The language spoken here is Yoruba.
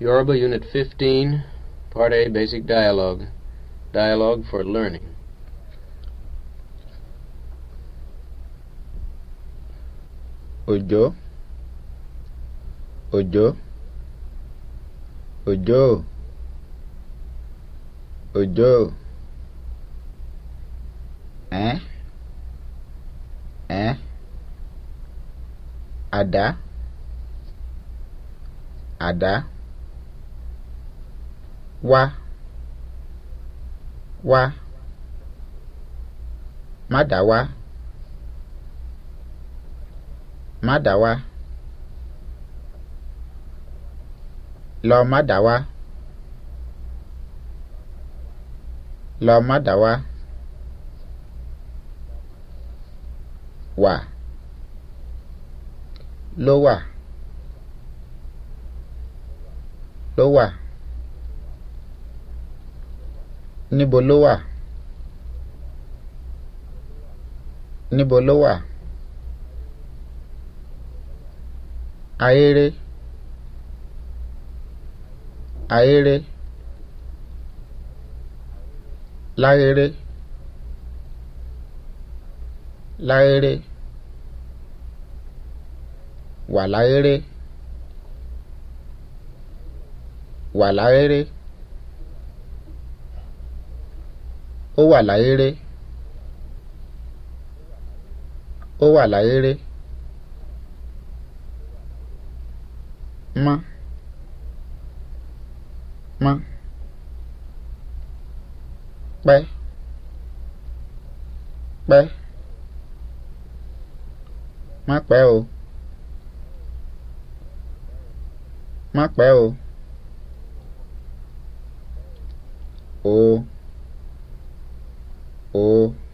Yoruba Unit 15, Part A Basic Dialogue, Dialogue for Learning. Ojo, Ojo, Ojo, Ojo, Eh, Eh, Ada, Ada. wa, wa, madawa, madawa, wá má dá wá lọ má lọ má dá wá wà ló wà ló níbo ló wà níbo ló wà ayére ayére láyére láyére wà láyére wà láyére. ó wà láyéré ó wà láyéré mọ́ mọ́ pẹ́ pẹ́ má pẹ́ o má pẹ́ o o. 哦。